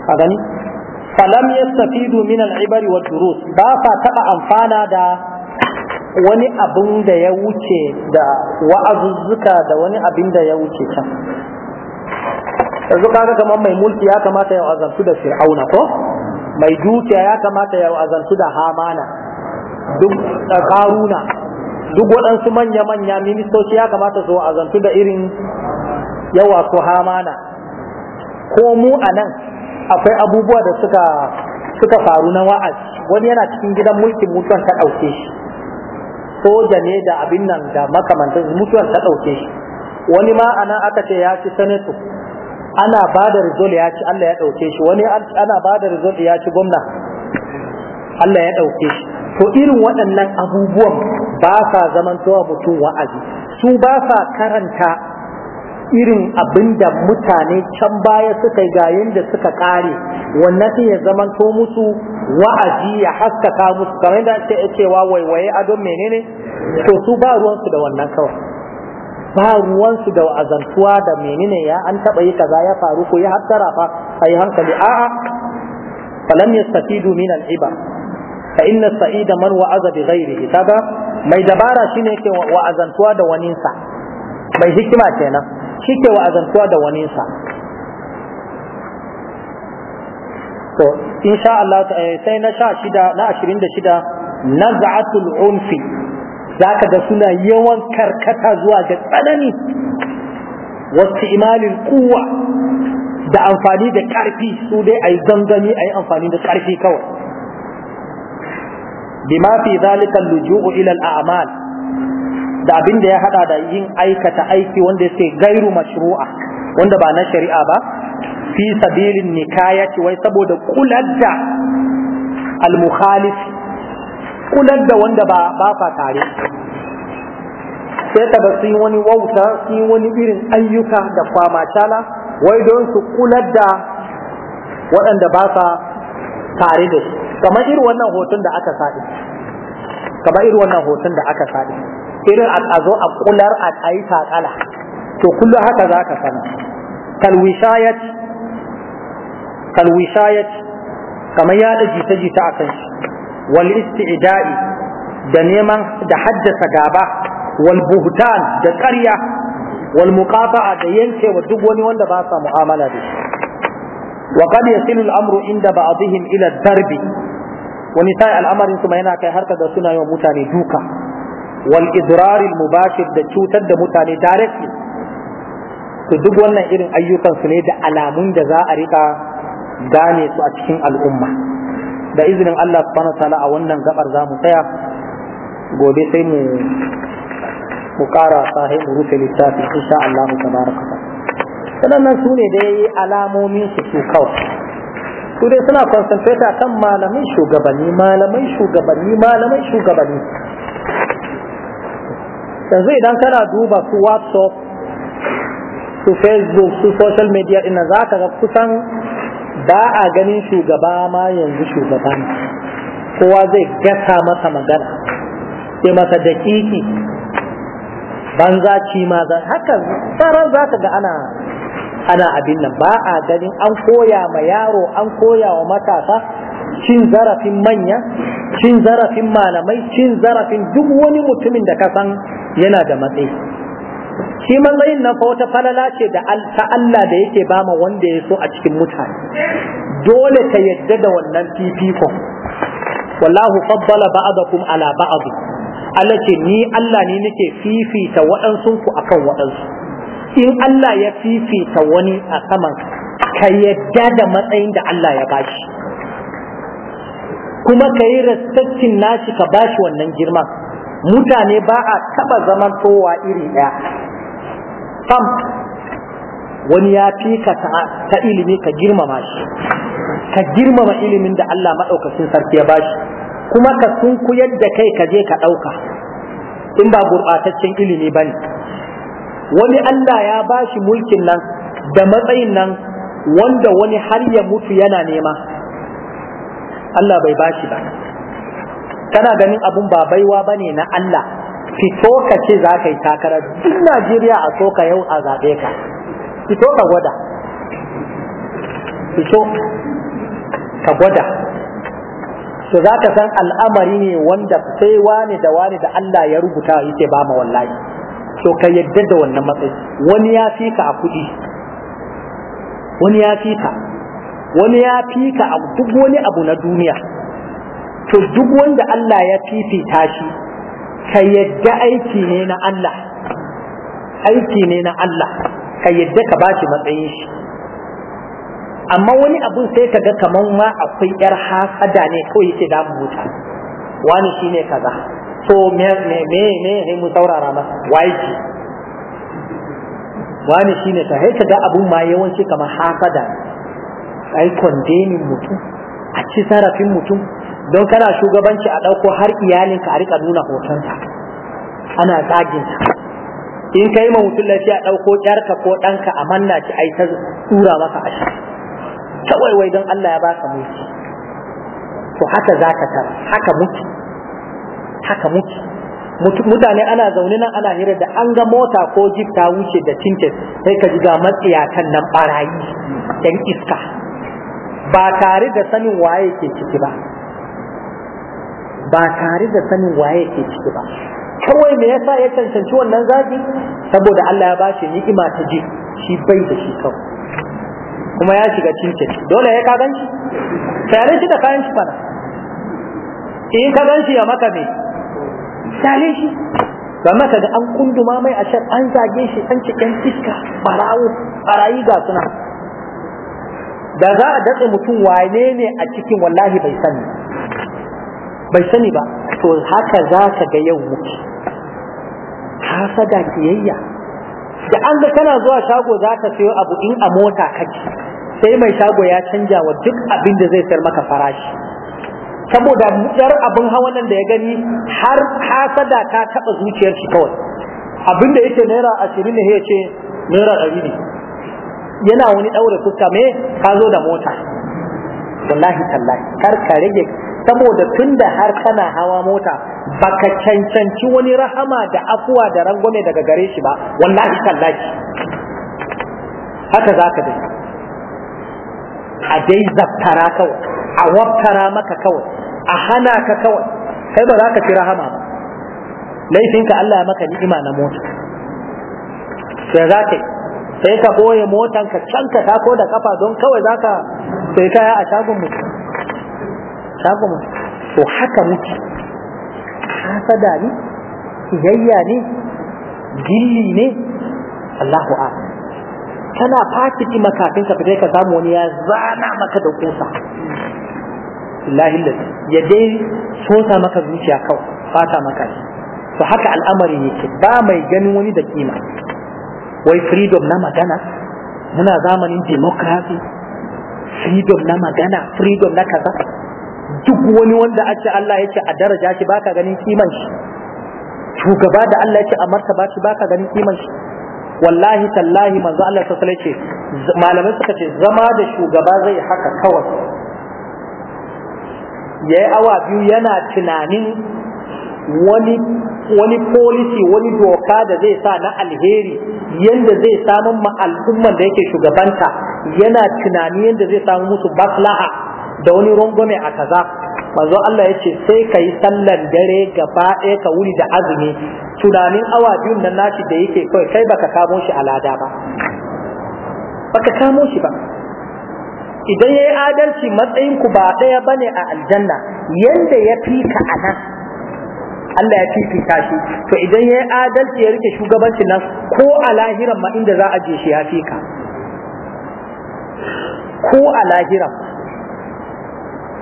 a gani falam yastafidu min al-ibari wa durus ba fa taba amfana da wani abin da ya wuce da wa'azuzzuka da wani abin da ya wuce can yanzu kaga kamar mai mulki ya kamata ya azantu da fir'auna ko mai dukiya ya kamata ya azantu da hamana duk karuna duk waɗansu manya-manya ministoci ya kamata su azantu da irin yawa su hamana ko mu a nan akwai abubuwa da suka suka faru na wa'azi wani yana cikin gidan mulkin mutuwan ta ɗauke shi soja ne da abin nan da makamantar mutuwar ta ɗauke shi wani ma ana aka ce ya ci sanato ana ba da ya ci Allah ya ɗauke shi wani ana ba da ya ci gwamna Allah ya ɗauke shi to irin waɗannan abubuwan ba sa zamantowa mutum wa'azi su ba sa karanta irin abin da mutane can baya suka ga yadda suka kare wannan sai ya zaman to musu wa'azi ya haskaka musu kamar yadda ce cewa waiwaye adon menene to su ba ruwansu da wannan kawai ba ruwansu da wa'azantuwa da menene ya an taba yi kaza ya faru ko ya hattara fa ayi hankali a'a falam yastafidu min al iba fa inna sa'ida man wa'aza bi ghairihi kaga mai dabara shine yake wa'azantuwa da waninsa mai hikima kenan shi ke wa'azantuwa da wanisa, to sha Allah eh, sai na sha shida na ashirin da shida na za'atul unfi za ka ga suna yawan karkata zuwa ga tsanani wasu imanin kuwa da amfani da karfi su dai a yi zangami a yi amfani da karfi kawai bima fi zalika luju'u ila al-a'mal da abin da ya hada da yin aikata aiki wanda yake gairu mashru'a wanda ba na shari'a ba fi sabilin nikayati wai saboda kular al-mukhalif kular da wanda ba ba fa tare sai ta basu wani wauta sun wani irin ayyuka da kwamacala wai don su kular da waɗanda ba sa tare da shi kamar irin wannan hoton da aka saɗi kamar irin wannan hoton da aka saɗi irin a zo a kular a yi takala to kullum haka za ka sana kalwishayat kalwishayat kamar yaɗa jita-jita a shi wal isti'da'i da neman da haddasa gaba wal buhtan da ƙarya wal muqata'a da yankewa duk wani wanda ba sa mu'amala da shi wa qad yasilu al-amru inda ba'dihim ila darbi wani sai al'amarin su yana kai harka da suna wa mutane duka wal idraril mubashir da cutar da mutane directly to duk wannan irin ayyukan su ne da alamun da za a rika gane su a cikin al'umma da izinin Allah subhanahu ta'ala a wannan gabar za mu tsaya gobe sai mu mu kara sahi mu rufe littafi insha Allah tabaraka ta sanannan su ne dai alamomin su su kawai su dai suna concentrate kan malamin shugabanni malamin shugabanni malamai shugabanni yanzu idan kana duba su whatsapp su facebook su social media ina za ka ga kusan ba a ganin shugaba ma yanzu shugaba ne kowa zai gata masa magana sai masa dakiki banza ci ma za haka tsarar za ka ga ana ana abin nan ba a ganin an koya ma yaro an koya wa matasa cin zarafin manya cin zarafin malamai cin zarafin duk wani mutumin da ka san yana da matsayi shi matsayin nan fa wata falala ce da ta Allah da yake bama wanda ya so a cikin mutane dole ka yadda da wannan fifikon wallahu faddala ba'dakum ala ba'd Allah ce ni Allah ne nake fifita waɗansu ku akan waɗansu in Allah ya fifita wani a saman ka yadda da matsayin da Allah ya bashi kuma ka yi respectin nashi ka bashi wannan girma. mutane ba a taba zaman towa iri ɗaya sam wani ya fi ka ta ilimi ka girmama shi ka girmama ilimin da Allah maɗaukacin sarki ya bashi kuma ka kuyar yadda kai ka je ka ɗauka in ba gurɓataccen ilimi ba ne wani Allah ya bashi mulkin nan da matsayin nan wanda wani har ya mutu yana nema Allah bai bashi ba kana ganin abun ba baiwa bane na Allah fito ka ce za ka yi takara duk Najeriya a so ka yau a zaɓe ka fito ka gwada to ka gwada to za ka san al'amari ne wanda sai wani da wani da Allah ya rubuta yake ba ma wallahi to ka yadda da wannan matsayi wani ya fi ka a kuɗi wani ya fi ka wani ya fika duk wani abu na duniya to duk wanda Allah ya fifita shi ka yadda aiki ne na Allah aiki ne na Allah ka yadda ka bashi matsayin shi amma wani abun sai ka ga kaman ma akwai yar hasada ne kawai yake da buta wani shine kaza so me me me ne mu saurara masa waiki wani shine ta sai ka ga abun ma yawanci kamar hasada ai yi mutum a ci sarafin mutum don kana shugabanci a ɗauko har iyalinka a rika nuna hotonta ana tsaginta in ka yi ma mutum lafiya ɗauko ƴarka ko ɗanka a manna ci a yi ta tsura maka a shi kawai wai don Allah ya baka mulki to haka za ka tara haka mutu haka mutu mutane ana zaune nan ana hira da an ga mota ko jip ta wuce da tintin sai ka ji ga kan nan barayi dan iska ba tare da sanin waye ke ciki ba ba tare da sanin waye ke ciki ba kawai me yasa ya cancanci wannan zafi saboda Allah ya bashi ni'ima ta ji shi bai da shi kawai kuma ya shiga cincin dole ya ka ganci tare shi da kayan shi fara in ka ganci ya maka me tare shi ba maka da an kunduma mai a shar an zage shi an cikin iska barawo barayi ga suna da za a datse mutum wane ne a cikin wallahi bai sani bai sani ba to haka za ka ga yau muke hasada kiyayya da an ga kana zuwa shago za ka sayo abu in a mota kake sai mai shago ya canja wa duk abin da zai sayar maka farashi saboda mutar abin hawa nan da ya gani har hasada ta taba zuciyar shi kawai abin da yake naira ashirin ne ya ce naira ɗari ne yana wani daure fuska me ka zo da mota wallahi tallahi kar ka rage saboda tunda har kana hawa mota baka cancanci wani rahama da afuwa da rangwame daga gare shi ba wallahi tallahi haka zaka dai a dai zaftara kawai a wabtara maka kawai a hana ka kawai kai ba za ka ci rahama ba laifinka Allah ya maka ni'ima na mota sai za ka yi sai ka boye motan ka can ka tako da kafa don kawai zaka sai kaya a shagon mu shagon mu to haka muke hasada ne yayya ne gilli ne Allahu a kana fakiti makafin ka fita ka samu wani ya zana maka da kusa lahi ya dai sosa maka zuciya kawai fata maka to haka al'amari yake ba mai ganin wani da kima wai freedom na magana muna zamanin democracy freedom na magana freedom na kaza duk wani wanda a ce Allah ya ce a daraja shi baka ganin kiman shi shugaba da Allah ya ce a martaba shi baka ganin kiman shi wallahi tallahi manzo Allah ta sallace ce malamai suka ce zama da shugaba zai haka kawai yayi awa biyu yana tunanin wani wani policy wani doka da zai sa na alheri yanda zai samun ma al'umman da yake shugabanta yana tunani yanda zai samu musu baslaha da wani rungume a kaza manzo Allah ya sai ka yi sallar dare gaba ɗaya ka wuri da azumi tunanin awa biyun nan nashi da yake kai, kai baka kamo shi a lada ba baka kamo shi ba idan ya adalci matsayinku ba ɗaya bane a aljanna yanda ya fi ka a nan Allah ya fifita shi to idan ya yi adalci ya rike shugabancin nan ko a lahiran ma inda za a je shi ya fika ko a lahiran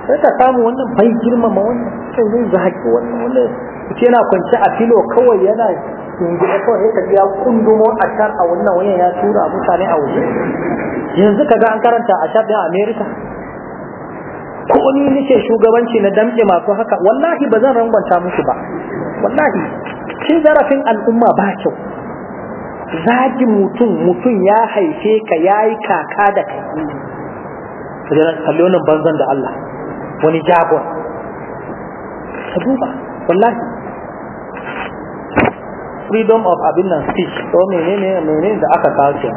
sai ka samu wannan bai girmama wannan kai zai zaki wannan wannan kuce yana kwanci a filo kawai yana yanzu da kawai ka ya kundumo a shar a wannan wayan ya tura mutane a waje yanzu ka ga an karanta a shafin din America ko ni nake shugabanci na damke masu haka wallahi ba zan rangwanta musu ba wallahi cin zarafin al'umma ba kyau zagi mutum mutum ya haife ka ya yi kaka da kai kalli wannan banzan da Allah wani jabon ka duba wallahi freedom of abin nan speech to menene menene da aka kawo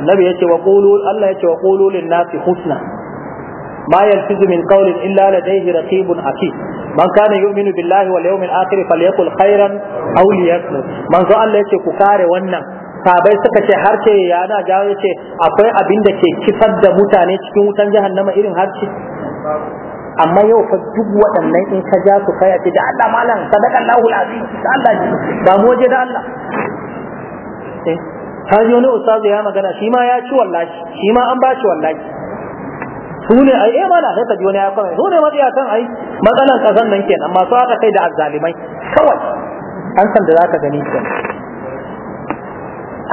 annabi yace wa qulu Allah yace wa qulu lin nasi husna ما يلفظ من قول إلا لديه رقيب عتيد من كان يؤمن بالله واليوم الآخر فليقل خيرا أو ليصمت من ذا الله يتي كفار ونن sabai suka ce harshe ya yana, jawo ce akwai abin da ke kifar da mutane cikin wutan jahannama irin harshe amma yau fa duk waɗannan in ka ja su kai a ce da Allah malam sadaka Allahu azim da Allah ba mu waje da Allah eh, ta ji wani ustazu ya magana shi ma ya ci wallahi shi ma an ba shi wallahi su ne ai eh mana sai ka ji wani ya kawai su ne san ai matsalan kasan nan kenan masu haka kai da azzalimai kawai an san da za ka gani kenan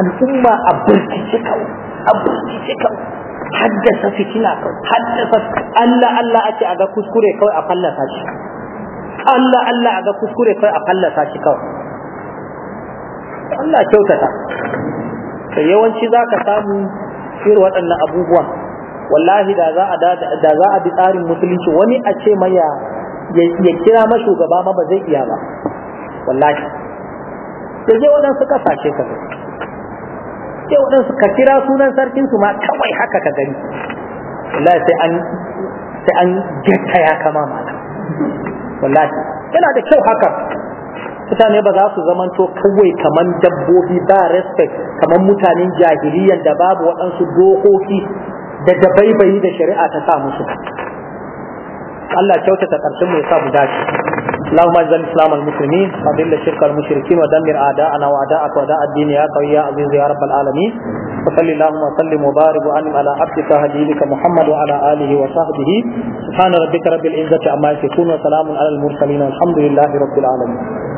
al'umma a burkice kawai a burkice kawai haddasa fitina kawai haddasa Allah Allah ake a ga kuskure kawai a fallasa shi Allah Allah a ga kuskure kawai a fallasa shi kawai Allah kyautata sai yawanci za ka samu irin waɗannan abubuwan wallahi da za a bi tsarin musulunci wani a ce mai ya kira ma shugaba ma ba zai iya ba wallahi da je waɗansu kasashe ka ga je waɗansu ka kira sunan Sarkinsu su ma kawai haka ka gani wallahi sai an sai getta ya kama mata wallahi yana da kyau haka mutane ba za su zamanto kawai kamar dabbobi ba respect kamar mutanen jahiliyyar da babu waɗansu dokoki da dabaibayi da shari'a ta sa musu Allah kyautata karshen mu ya sa mu dace اللهم اجعل الاسلام المسلمين واذل الشرك المشركين ودمر اعداءنا واعداءك واعداء الدين يا قوي يا عزيز يا رب العالمين وصل اللهم وسلم وبارك وانعم على عبدك هديك محمد وعلى اله وصحبه سبحان ربك رب العزه عما يصفون وسلام على المرسلين والحمد لله رب العالمين